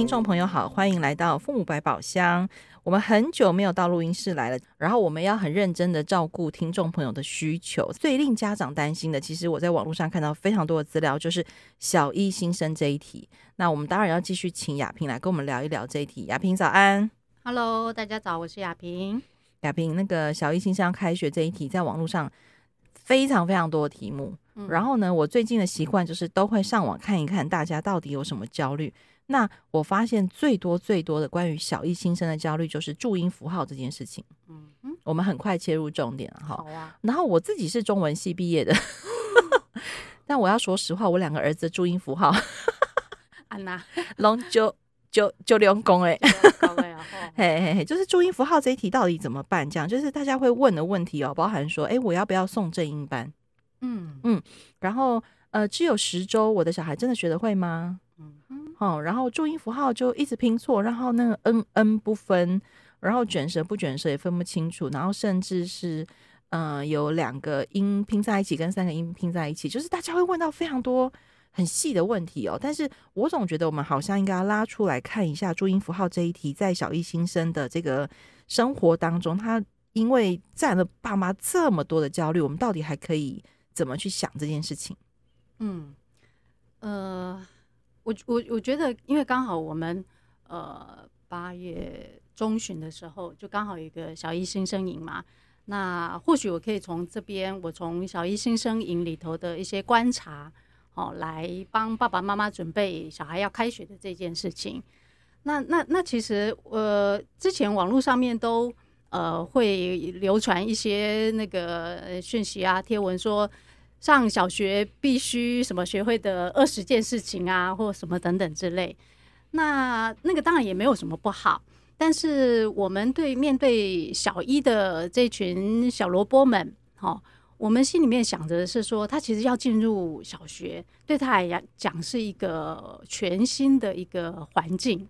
聽眾朋友好，歡迎來到父母百寶箱。我們很久沒有到錄音室來了，然後我們要很認真的照顧聽眾朋友的需求。最令家長擔心的，其實我在網絡上看到非常多的資料，就是小一新生這一題。那我們當然要繼續請雅萍來跟我們聊一聊這一題。雅萍早安，Hello，大家早，我是雅萍。雅萍，那個小一新生要開學這一題，在網絡上非常非常多的題目。嗯、然後呢，我最近的習慣就是都會上網看一看大家到底有什麼焦慮。那我發現最多最多的關於小一新生的焦慮，就是注音符號這件事情。嗯，我們很快切入重點哈。好，然後我自己是中文系畢業的，好啊、 但我要說實話，我兩個兒子的注音符號、啊哪，安娜龍九九九零公哎，哎嘿嘿嘿，就是注音符號這一題到底怎麼辦？這樣就是大家會問的問題哦，包含說，哎、欸，我要不要送正音班？嗯嗯，然後呃，只有十週，我的小孩真的學得會嗎？嗯哼，好、哦，然後注音符號就一直拼錯，然後那個 n n 不分，然後卷舌不卷舌也分不清楚，然後甚至是嗯、呃、有兩個音拼在一起，跟三個音拼在一起，就是大家會問到非常多很細的問題哦。但是我總覺得我們好像應該要拉出來看一下注音符號這一題，在小一新生的這個生活當中，他因為占了爸媽這麼多的焦慮，我們到底還可以怎麼去想這件事情？嗯，呃。我我我覺得，因為剛好我們呃八月中旬的時候，就剛好有一個小一新生營嘛，那或許我可以從這邊，我從小一新生營裡頭的一些觀察，好、哦、來幫爸爸媽媽準備小孩要開學的這件事情。那那那其實，呃，之前網絡上面都呃會流傳一些那個訊息啊貼文說，上小學必須什麼學會的二十件事情啊，或什麼等等之類，那那個當然也沒有什麼不好。但是我們對面對小一的這群小蘿蔔們，哦，我們心裡面想着是說，他其實要進入小學，對他來講，是一個全新的一個環境。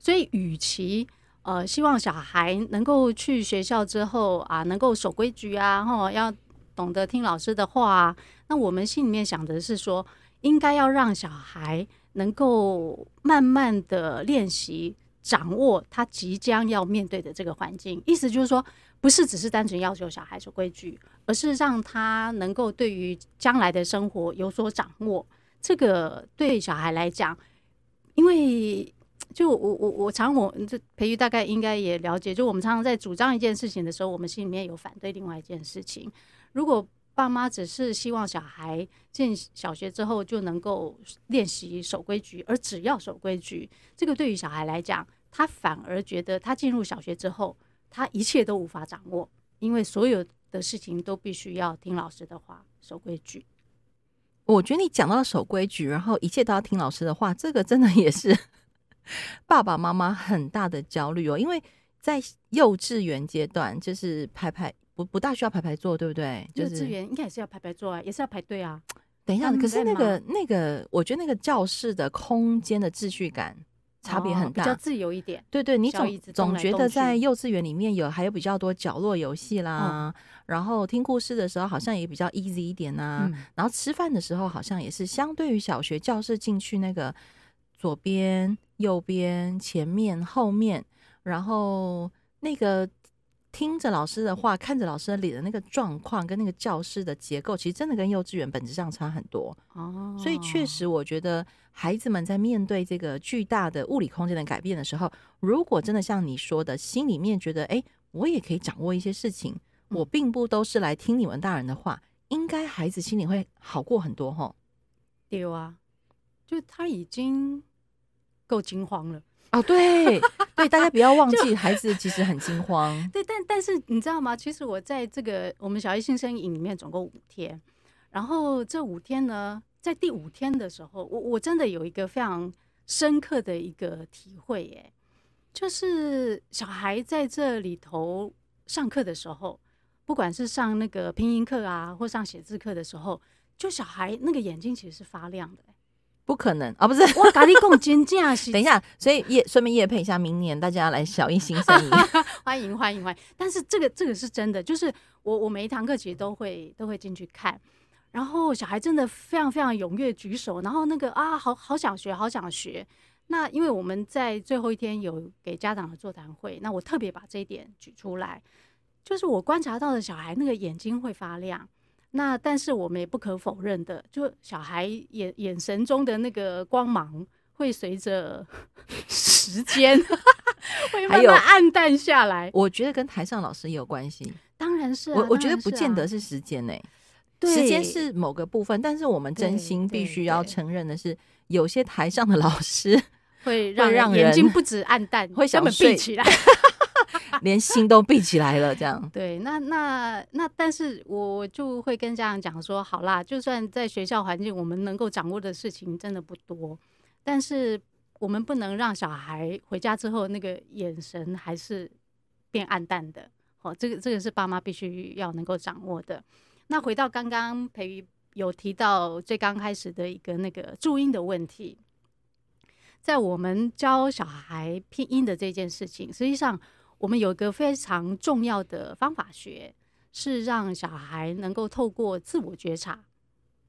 所以，與其呃，希望小孩能夠去學校之後啊，能夠守規矩啊，哈、哦，要。懂得聽老師的話，那我們心裡面想的是說，應該要讓小孩能夠慢慢的練習掌握他即將要面對的這個環境。意思就是說，不是只是單純要求小孩守規矩，而是讓他能夠對於將來的生活有所掌握。這個對小孩來講，因為就我我我常我這培育大概應該也了解，就我們常常在主張一件事情的時候，我們心裡面有反對另外一件事情。如果爸媽只是希望小孩進小學之後就能夠練習守規矩，而只要守規矩，這個對於小孩來講，他反而覺得他進入小學之後，他一切都無法掌握，因為所有的事情都必須要聽老師的話，守規矩。我覺得你講到守規矩，然後一切都要聽老師的話，這個真的也是爸爸媽媽很大的焦慮哦，因為在幼稚園階段就是拍拍。不不大需要排排坐，對不對？就幼、是、幼稚園，應該也是要排排坐啊，也是要排隊啊。等一下，嗯、可是那個嗎那個，我覺得那個教室的空間的秩序感差別很大，哦、比較自由一點。對對，動動你總總覺得在幼稚園裡面有還有比較多角落遊戲啦，嗯、然後聽故事的時候好像也比較 easy 一點吶、啊。嗯、然後吃飯的時候好像也是相對於小學教室進去那個左邊、右邊、前面、後面，然後那個。聽着老師的話，看着老師的臉的那個狀況，跟那個教室的結構，其實真的跟幼稚園本質上差很多哦。所以確實，我覺得孩子們在面對這個巨大的物理空間的改變的時候，如果真的像你說的，心裡面覺得哎，我也可以掌握一些事情，嗯、我並不都是來聽你們大人的話，應該孩子心裡會好過很多哦。對啊，就他已經夠驚慌了。 哦，對，對，大家不要忘記， 就孩子其實很驚慌。 對，但但是你知道嗎？其實我在這個我們小一新生營裡面總共五天，然後這五天呢，在第五天的時候，我我真的有一個非常深刻的一個體會、欸，耶，就是小孩在這裡頭上課的時候，不管是上那個拼音課啊，或上寫字課的時候，就小孩那個眼睛其實是發亮的、欸。不可能啊！不是哇，我跟你說真的是 等一下，所以也順便業配一下，明年大家來小一新生， 啊、歡迎歡迎歡迎。但是這個這個是真的，就是我我每一堂課其實都會都會進去看，然後小孩真的非常非常踴躍舉手，然後那個啊，好好想學，好想學。那因為我們在最後一天有給家長的座談會，那我特別把這一點舉出來，就是我觀察到的小孩那個眼睛會發亮。那但是我們也不可否認的，就小孩眼眼神中的那個光芒會隨着時間 會慢慢暗淡下來。我覺得跟台上老師也有關係，當然是、啊、我我覺得不見得是時間呢、欸，啊、時間是某個部分。對但是我們真心必須要承認的是，對對對有些台上的老師會讓會讓眼睛不止暗淡，會想閉起來。 連心都閉起來了，這樣 對。那那那，那，但是我就會跟家長講說：好啦，就算在學校環境，我們能夠掌握的事情真的不多，但是我們不能讓小孩回家之後那個眼神還是變暗淡的。哦，這個這個是爸媽必須要能夠掌握的。那回到剛剛培育有提到最剛開始的一個那個注音的問題，在我們教小孩拼音的這件事情，實際上。我們有一個非常重要的方法學，是讓小孩能夠透過自我覺察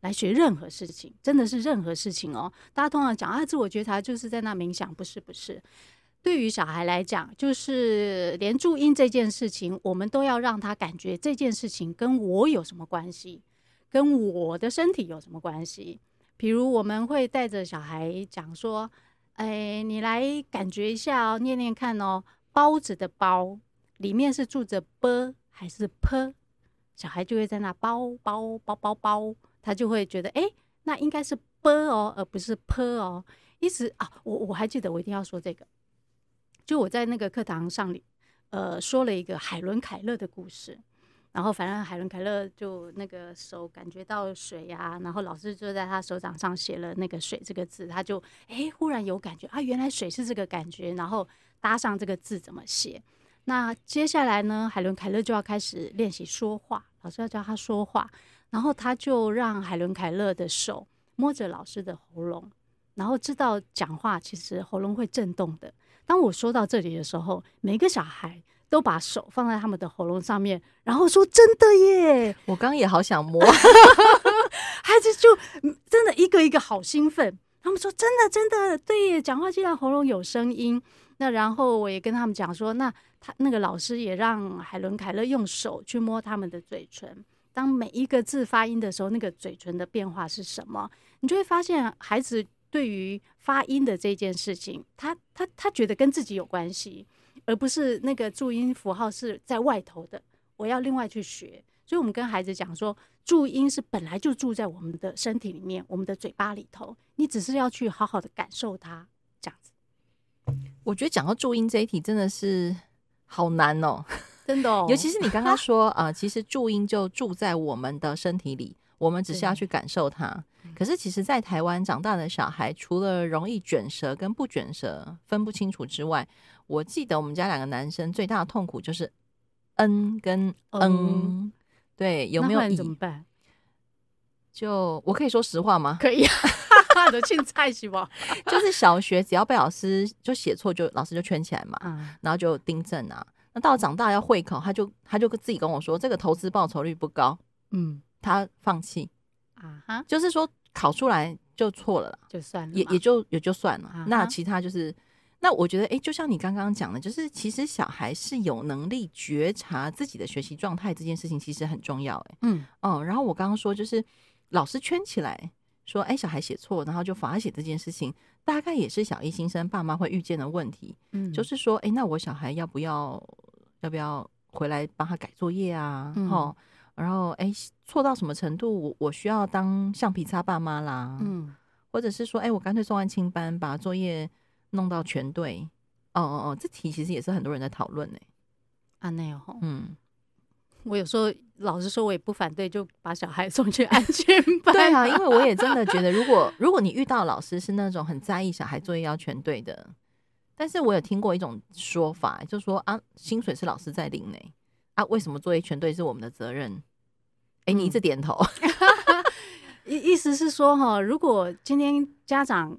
來學任何事情，真的是任何事情哦。大家通常講啊，自我覺察就是在那冥想，不是不是。對於小孩來講，就是連注音這件事情，我們都要讓他感覺這件事情跟我有什麼關係，跟我的身體有什麼關係。比如，我們會帶着小孩講說：“哎，你來感覺一下哦，念念看哦。”包子的包，裡面是住着 ㄅ 還是 ㄆ？小孩就會在那包包包包包，他就會覺得哎、欸，那應該是 ㄅ 哦，而不是 ㄆ 哦。一直啊，我我還記得，我一定要說這個，就我在那個課堂上裡，呃，說了一個海倫凱勒的故事。然後，反正海倫·凱勒就那個手感覺到水呀、啊，然後老師就在他手掌上寫了那個“水”這個字，他就誒忽然有感覺啊，原來水是這個感覺。然後搭上這個字怎麼寫？那接下來呢？海倫·凱勒就要開始練習說話，老師要教他說話。然後他就讓海倫·凱勒的手摸着老師的喉嚨，然後知道講話其實喉嚨會震動的。當我說到這裡的時候，每個小孩。都把手放在他們的喉嚨上面，然後說：“真的耶！”我剛也好想摸， 孩子就真的一個一個好興奮。他們說：“真的，真的，對耶，講話竟然喉嚨有聲音，那然後我也跟他們講說，那他那個老師也讓海倫·凱勒用手去摸他們的嘴唇，當每一個字發音的時候，那個嘴唇的變化是什麼？你就會發現，孩子對於發音的這件事情，他他他覺得跟自己有關係。”而不是那個注音符號是在外頭的，我要另外去學。所以，我們跟孩子講說，注音是本來就住在我們的身體裡面，我們的嘴巴裡頭，你只是要去好好的感受它。這樣子，我覺得講到注音這一題真的是好難哦，真的、哦。 尤其是你剛剛說，啊、呃，其實注音就住在我們的身體裡，我們只是要去感受它。嗯、可是，其實，在台灣長大的小孩，除了容易捲舌跟不捲舌分不清楚之外，我記得我們家兩個男生最大的痛苦就是 n 跟 n，、嗯、對，有沒有？怎麼辦？就我可以說實話嗎？可以啊，哈哈，的青菜是吧，就是小學只要被老師就寫錯，就老師就圈起來嘛，嗯、然後就訂正啊。那到長大要會考，他就他就自己跟我說，這個投資報酬率不高，嗯，他放棄啊哈，就是說考出來就錯了啦，就算了也也就也就算了，啊、哈那其他就是。那我覺得，哎，就像你剛剛講的，就是其實小孩是有能力覺察自己的學習狀態這件事情，其實很重要，哎。嗯。哦，然後我剛剛說，就是老師圈起來說，哎，小孩寫錯，然後就罰寫這件事情，大概也是小一新生爸媽會遇見的問題。嗯。就是說，哎，那我小孩要不要要不要回來幫他改作業啊？哦、嗯，然後，哎，錯到什麼程度？我我需要當橡皮擦爸媽啦。嗯。或者是說，哎，我乾脆送完清班，把作業。弄到全對，哦哦哦，這題其實也是很多人在討論呢。啊，那哦，嗯，我有時候老實說，我也不反對，就把小孩送去安全班、啊。 對啊，因為我也真的覺得，如果 如果你遇到老師是那種很在意小孩作業要全對的，但是我有聽過一種說法，就說啊，薪水是老師在領呢，啊，為什麼作業全對是我們的責任？哎，你一直點頭，意、嗯、 意思是說哈、哦，如果今天家長。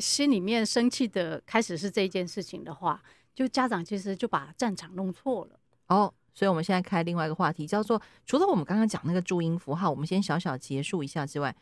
心裡面生氣的開始是這件事情的話，就家長其實就把戰場弄錯了哦。Oh, 所以我們現在開另外一個話題，叫做除了我們剛剛講那個注音符號，我們先小小結束一下之外，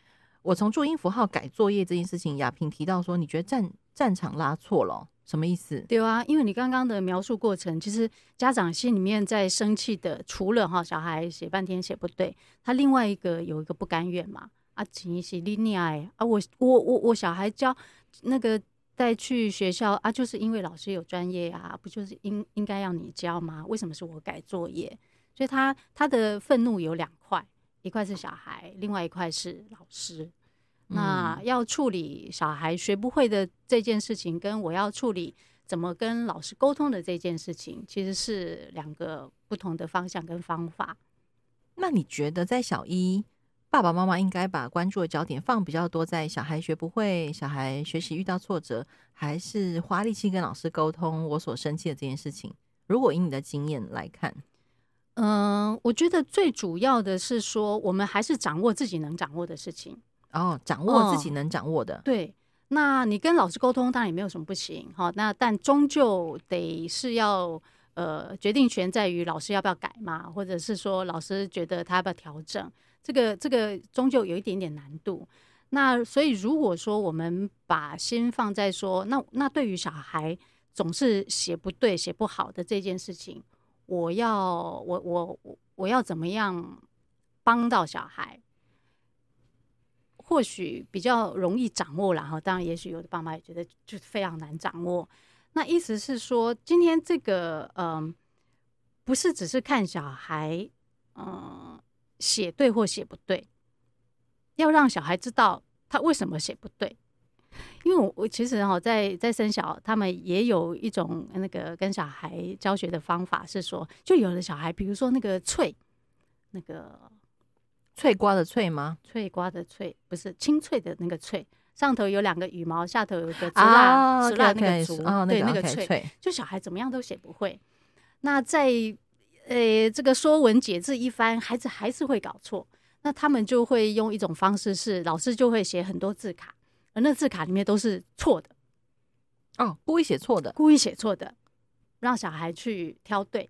我從注音符號改作業這件事情，雅萍提到說，你覺得戰戰場拉錯了、喔，什麼意思？對啊，因為你剛剛的描述過程，其實家長心裡面在生氣的，除了哈小孩寫半天寫不對，他另外一個有一個不甘願嘛，啊，請你去溺愛啊，我我我我小孩教。那個帶去學校啊，就是因為老師有專業啊，不就是應應該要你教嗎？為什麼是我改作業？所以他他的憤怒有兩塊，一塊是小孩，另外一塊是老師。那要處理小孩學不會的這件事情，跟我要處理怎麼跟老師溝通的這件事情，其實是兩個不同的方向跟方法。那你覺得在小一？爸爸媽媽應該把關注的焦點放比較多在小孩學不會、小孩學習遇到挫折，還是花力氣跟老師溝通我所生氣的這件事情？如果以你的經驗來看，嗯、呃，我覺得最主要的是說，我們還是掌握自己能掌握的事情。哦，掌握自己能掌握的。哦、對，那你跟老師溝通，當然也沒有什麼不行哈。那但終究得是要，呃，決定權在於老師要不要改嘛，或者是說老師覺得他要不要調整。這個這個終究有一點點難度，那所以如果說我們把心放在說，那那對於小孩總是寫不對、寫不好的這件事情，我要我我我要怎麼樣幫到小孩？或許比較容易掌握。然後當然，也許有的爸媽也覺得就非常難掌握。那意思是說，今天這個嗯、呃，不是只是看小孩嗯。呃寫對或寫不對，要讓小孩知道他為什麼寫不對。因為我我其實哈在在生小，他們也有一種那個跟小孩教學的方法是說，就有的小孩，比如說那個“脆”，那個“脆瓜”的“脆”嗎？“脆瓜的脆”的“脆”不是清脆的那個“脆”，上頭有兩個羽毛，下頭有一個辣、oh, okay, 辣的那個竹，okay, oh, 對 okay, 那個脆“脆、okay, 脆”，就小孩怎麼樣都寫不會。那在。呃，這個說文解字一翻，孩子還是會搞錯。那他們就會用一種方式是，是老師就會寫很多字卡，而那字卡裡面都是錯的。哦，故意寫錯的，故意寫錯的，讓小孩去挑對。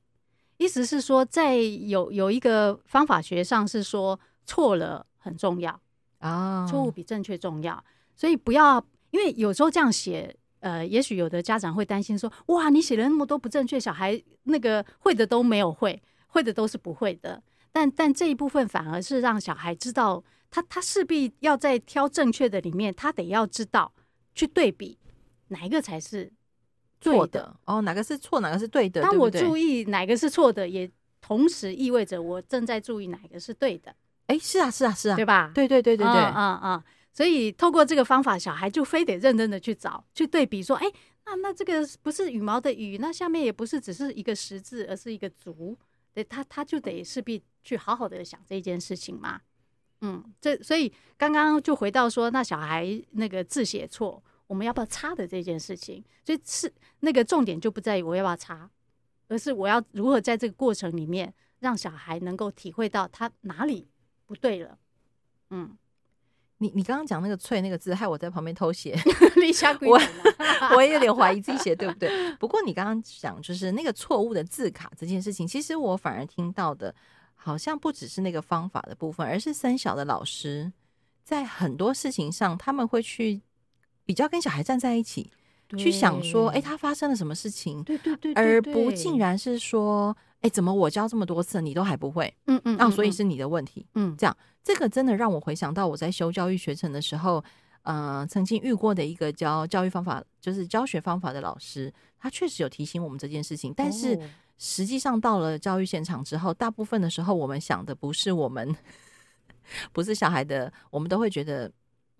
意思是說，在有有一個方法學上是說錯了很重要啊，哦，錯誤比正確重要，所以不要，因為有時候這樣寫。呃，也許有的家長會擔心說：“哇，你寫了那麼多不正確，小孩那個會的都沒有會，會的都是不會的。但”但但這一部分反而是讓小孩知道他，他他勢必要在挑正確的裡面，他得要知道去對比哪一個才是錯的，的哦，哪個是錯，哪個是對的。當我注意哪個是錯的，對對也同時意味着我正在注意哪個是對的。哎、欸，是啊，是啊，是啊，對吧？對對對對對、嗯，啊、嗯、啊。嗯所以，透過這個方法，小孩就非得認真的去找、去對比，說：“哎、欸，那那這個不是羽毛的羽，那下面也不是只是一個十字，而是一個足。對”對他，他就得勢必去好好的想這件事情嘛。嗯，這所以剛剛就回到說，那小孩那個字寫錯，我們要不要擦的這件事情？所以是那個重點就不在於我要不要擦，而是我要如何在這個過程裡面讓小孩能夠體會到他哪裡不對了。嗯。你你剛剛講那個「脆」那個字，害我在旁邊偷寫立 我， 我也有點懷疑自己寫 對不對？不過你剛剛講，就是那個錯誤的字卡這件事情，其實我反而聽到的，好像不只是那個方法的部分，而是三小的老師在很多事情上，他們會去比較跟小孩站在一起，對去想說，哎，他發生了什麼事情？對對對，對對對，而不竟然是說。哎，怎麼我教這麼多次，你都還不會？嗯嗯，嗯嗯，那、啊、所以是你的問題。嗯，這樣，這個真的讓我回想到我在修教育學程的時候，呃，曾經遇過的一個教教育方法，就是教學方法的老師，他確實有提醒我們這件事情。但是實際上到了教育現場之後，哦、大部分的時候我們想的不是我們，不是小孩的，我們都會覺得。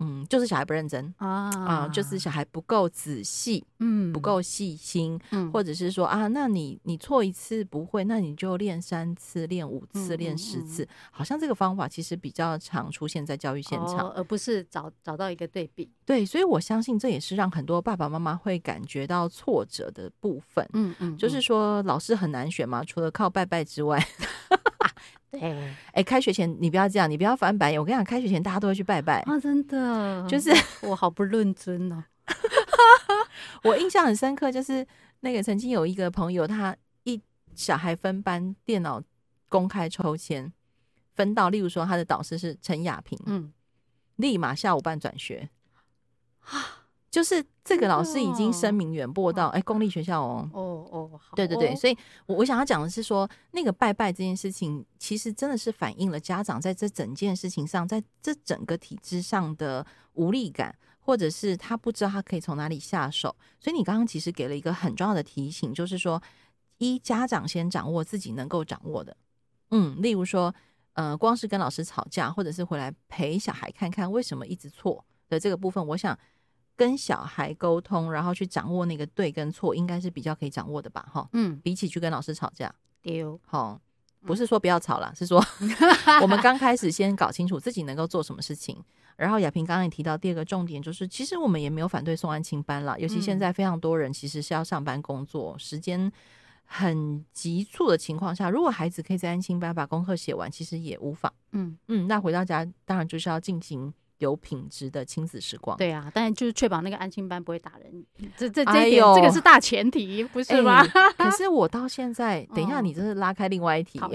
嗯，就是小孩不認真啊啊、嗯，就是小孩不夠仔細，嗯，不夠細心，嗯，或者是說啊，那你你錯一次不會，那你就練三次、練五次、練十次，嗯嗯、好像這個方法其實比較常出現在教育現場，哦、而不是找找到一個對比。對，所以我相信這也是讓很多爸爸媽媽會感覺到挫折的部分。嗯嗯，嗯嗯就是說老師很難選嘛，除了靠拜拜之外。 對，哎、欸欸，開學前你不要這樣，你不要翻白眼。我跟你講，開學前大家都會去拜拜啊，真的。就是我好不認真哦。 我印象很深刻，就是那個曾經有一個朋友，他一小孩分班，電腦公開抽籤分到，例如說他的導師是陳雅萍，嗯，立馬下午辦轉學、啊就是這個老師已經聲名遠播到誒、哦欸、公立學校哦哦哦，哦好哦對對對，所以我我想要講的是說，那個拜拜這件事情，其實真的是反映了家長在這整件事情上，在這整個體制上的無力感，或者是他不知道他可以從哪裡下手。所以你剛剛其實給了一個很重要的提醒，就是說，一家長先掌握自己能夠掌握的，嗯，例如說，呃，光是跟老師吵架，或者是回來陪小孩看看為什麼一直錯的這個部分，我想。跟小孩溝通，然後去掌握那個對跟錯，應該是比較可以掌握的吧？哈，嗯，比起去跟老師吵架，對、哦，不是說不要吵了，嗯、是說我們剛開始先搞清楚自己能夠做什麼事情。 然後雅萍剛剛也提到，第二個重點就是，其實我們也沒有反對送安親班啦，尤其現在非常多人其實是要上班工作，嗯、時間很急促的情況下，如果孩子可以在安親班把功課寫完，其實也無妨。嗯嗯，那回到家當然就是要進行，有品質的親子時光，對啊，但是就是確保那個安親班不會打人，這這這點、哎、呦這個是大前提，不是嗎？欸啊、可是我到現在，等一下你真是拉開另外一題，哦、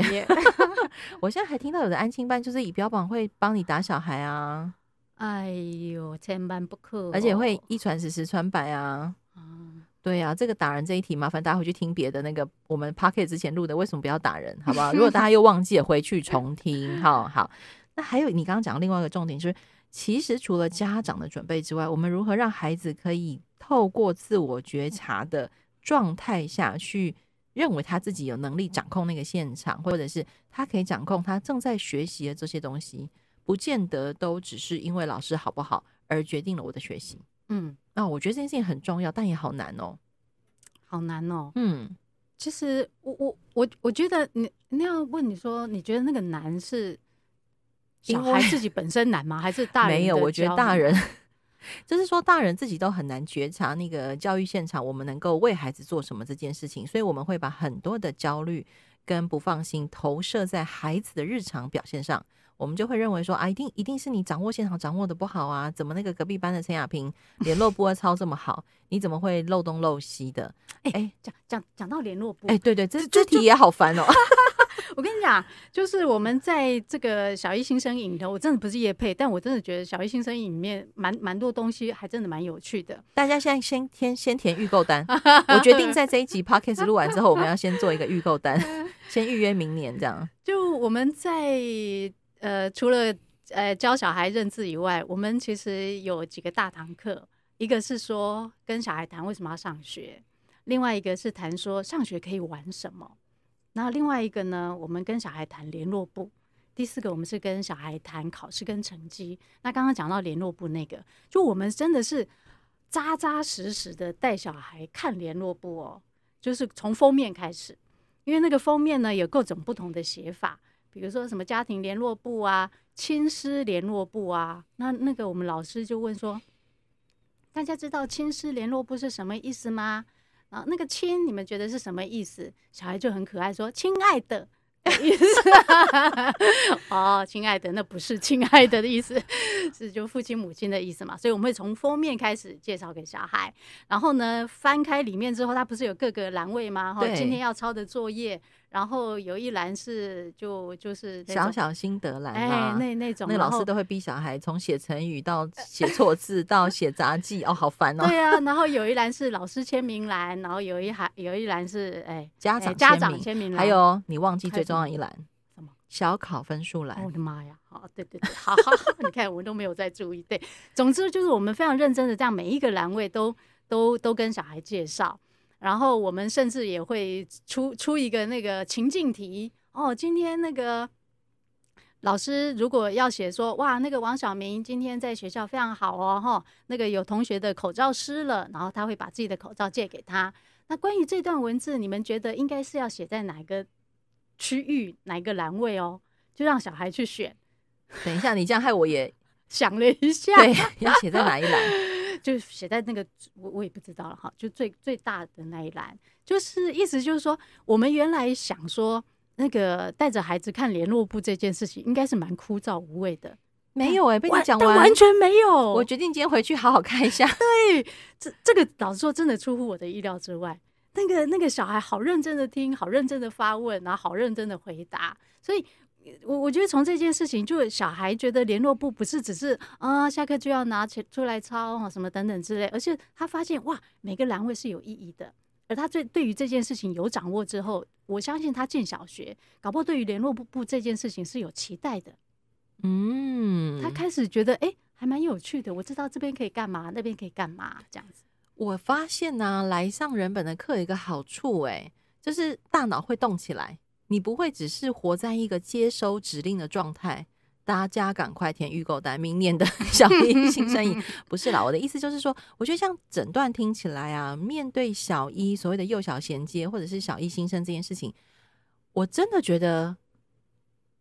我現在還聽到有的安親班就是以標榜會幫你打小孩啊，哎呦，千萬不可、哦，而且會一傳十十傳百啊。嗯、對啊，這個打人這一題，麻煩大家回去聽別的那個我們 pocket、er、之前錄的，為什麼不要打人，好不好？如果大家又忘記了，回去重聽， 好好。那還有你剛剛講另外一個重點就是。其實除了家長的準備之外，嗯、我們如何讓孩子可以透過自我覺察的狀態下去，認為他自己有能力掌控那個現場，嗯、或者是他可以掌控他正在學習的這些東西，不見得都只是因為老師好不好而決定了我的學習。嗯，那，我覺得這件事情很重要，但也好難哦，好難哦。嗯，其實我我我我覺得你那要問你說，你覺得那個難是？因為小孩自己本身難嗎？還是大人？沒有，我覺得大人就是說，大人自己都很難覺察那個教育現場，我們能夠為孩子做什麼這件事情。所以我們會把很多的焦慮跟不放心投射在孩子的日常表現上，我們就會認為說啊，一定一定是你掌握現場掌握得不好啊，怎麼那個隔壁班的陳雅萍聯絡簿抄這麼好， 你怎麼會漏東漏西的？哎哎、欸，欸、講講講到聯絡簿，哎、欸，對對，對，這這題也好煩哦。 我跟你講，就是我們在這個小一新生營裡頭，我真的不是業配，但我真的覺得小一新生營裡面蠻蠻多東西，還真的蠻有趣的。大家現在先填先，先填預購單， 我決定在這一集 podcast 錄完之後，我們要先做一個預購單， 先預約明年這樣。就我們在呃，除了呃教小孩認字以外，我們其實有幾個大堂課，一個是說跟小孩談為什麼要上學，另外一個是談說上學可以玩什麼。那另外一個呢，我們跟小孩談聯絡簿。第四個，我們是跟小孩談考試跟成績。那剛剛講到聯絡簿，那個，就我們真的是扎扎實實的帶小孩看聯絡簿哦，就是從封面開始，因為那個封面呢，有各種不同的寫法，比如說什麼家庭聯絡簿啊，親師聯絡簿啊。那那個我們老師就問說，大家知道親師聯絡簿是什麼意思嗎？啊、哦，那個親，你們覺得是什麼意思？小孩就很可愛，說“親愛的”的意思。哦，“親愛的”那不是“親愛的”的意思，是就父親母親的意思嘛？所以我們會從封面開始介紹給小孩，然後呢，翻開裡面之後，它不是有各個欄位嗎？哈、哦，對今天要抄的作業。然後有一欄是就就是小小心得欄、啊，哎、欸，那那種那老師都會逼小孩從寫成語到寫錯字到寫雜記 哦，好煩哦。對啊，然後有一欄是老師簽名欄，然後有一還有一欄是哎、欸欸、家長簽家長簽名欄，還有你忘記最重要一欄什麼小考分數欄？我的媽呀！好，對對對，好，好， 你看我都沒有在注意。對，總之就是我們非常認真的，這樣每一個欄位都都都跟小孩介紹。然後我們甚至也會出出一個那個情境題哦，今天那個老師如果要寫說，哇，那個王小明今天在學校非常好哦，哈，那個有同學的口罩濕了，然後他會把自己的口罩借給他。那關於這段文字，你們覺得應該是要寫在哪個區域、哪個欄位哦？就讓小孩去選。等一下，你這樣害我也 想了一下，對，要寫在哪一欄？ 就寫在那個，我我也不知道了哈，就最最大的那一欄，就是意思就是說，我們原來想說那個帶着孩子看聯絡簿這件事情，應該是蠻枯燥無味的，沒有誒、欸，被你講完完全沒有，我決定今天回去好好看一下。對，這這個老實說，真的出乎我的意料之外。那個那個小孩好認真的聽，好認真的發問，然後好認真的回答，所以。我我覺得從這件事情，就小孩覺得聯絡簿不是只是啊、嗯、下課就要拿起出來抄什麼等等之類，而且他發現哇，每個欄位是有意義的，而他對對於這件事情有掌握之後，我相信他進小學，搞不好對於聯絡簿簿這件事情是有期待的。嗯，他開始覺得哎、欸，還蠻有趣的，我知道這邊可以幹嘛，那邊可以幹嘛這樣子。我發現呢、啊，來上人本的課有一個好處、欸，誒，就是大腦會動起來。你不會只是活在一個接收指令的狀態？大家趕快填預購單，明年的小一新生營不是啦。我的意思就是說，我覺得像整段聽起來啊，面對小一所謂的幼小銜接或者是小一新生這件事情，我真的覺得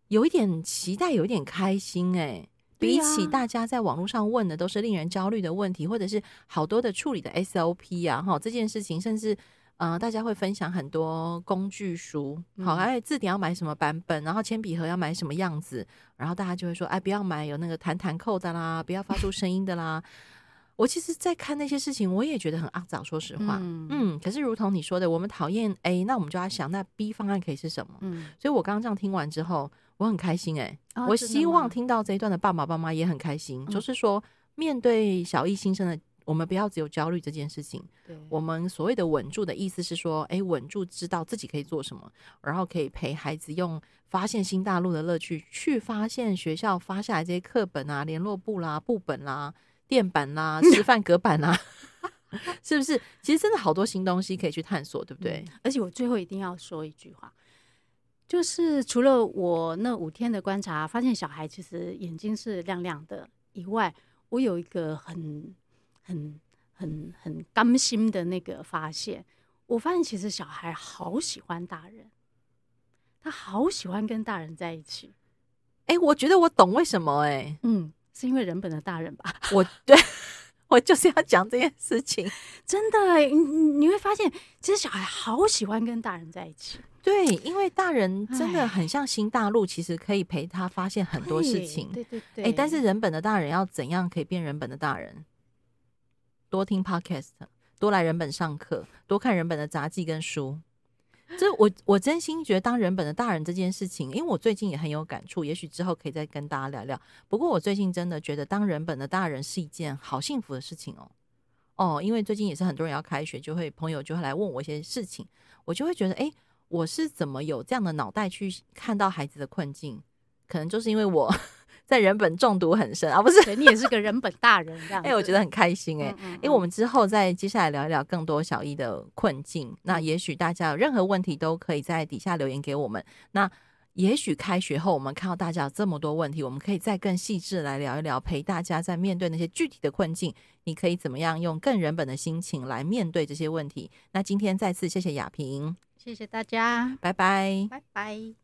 有一點期待，有一點開心哎、欸。比起大家在網絡上問的都是令人焦慮的問題，或者是好多的處理的 SOP 啊，哈，這件事情甚至。啊、呃，大家會分享很多工具書，好，嗯、哎字典要買什麼版本，然後鉛筆盒要買什麼樣子，然後大家就會說，哎，不要買有那個彈彈扣的啦，不要發出聲音的啦。 我其實，在看那些事情，我也覺得很骯髒，說實話，嗯，嗯，可是，如同你說的，我們討厭 A，那我們就要想，那 B 方案可以是什麼？嗯，所以我剛剛這樣聽完之後，我很開心、欸，哎、啊，我希望聽到這一段的爸媽爸、媽媽也很開心，嗯、就是說，面對小一新生的。我們不要只有焦慮這件事情。對，我們所謂的穩住的意思是說，哎，穩住，知道自己可以做什麼，然後可以陪孩子用發現新大陸的樂趣，去發現學校發下來這些課本啊、聯絡簿啦、啊、簿本啦、啊、墊板啦、啊、吃飯隔板啦、啊， 是不是？其實真的好多新東西可以去探索，對不對、嗯？而且我最後一定要說一句話，就是除了我那五天的觀察發現小孩其實眼睛是亮亮的以外，我有一個很。很很很甘心的那個發現，我發現其實小孩好喜歡大人，他好喜歡跟大人在一起。哎、欸，我覺得我懂為什麼哎、欸，嗯，是因為人本的大人吧？我對我就是要講這件事情， 真的，你你會發現，其實小孩好喜歡跟大人在一起。對，因為大人真的很像新大陸，唉其實可以陪他發現很多事情。對，對對對，哎、欸，但是人本的大人要怎樣可以變人本的大人？多聽 Podcast，多來人本上課，多看人本的雜技跟書。這我我真心覺得當人本的大人這件事情，因為我最近也很有感觸，也許之後可以再跟大家聊聊。不過我最近真的覺得當人本的大人是一件好幸福的事情哦哦，因為最近也是很多人要開學，就會朋友就會來問我一些事情，我就會覺得哎，我是怎麼有這樣的腦袋去看到孩子的困境？可能就是因為我。 在人本中毒很深啊，不是你也是個人本大人一樣，哎、 欸，我覺得很開心哎、欸，為、嗯嗯嗯欸、我們之後再接下來聊一聊更多小一的困境。那也許大家有任何問題都可以在底下留言給我們。那也許開學後我們看到大家有這麼多問題，我們可以再更細緻來聊一聊，陪大家在面對那些具體的困境，你可以怎麼樣用更人本的心情來面對這些問題？那今天再次謝謝雅萍，謝謝大家，拜拜，拜拜。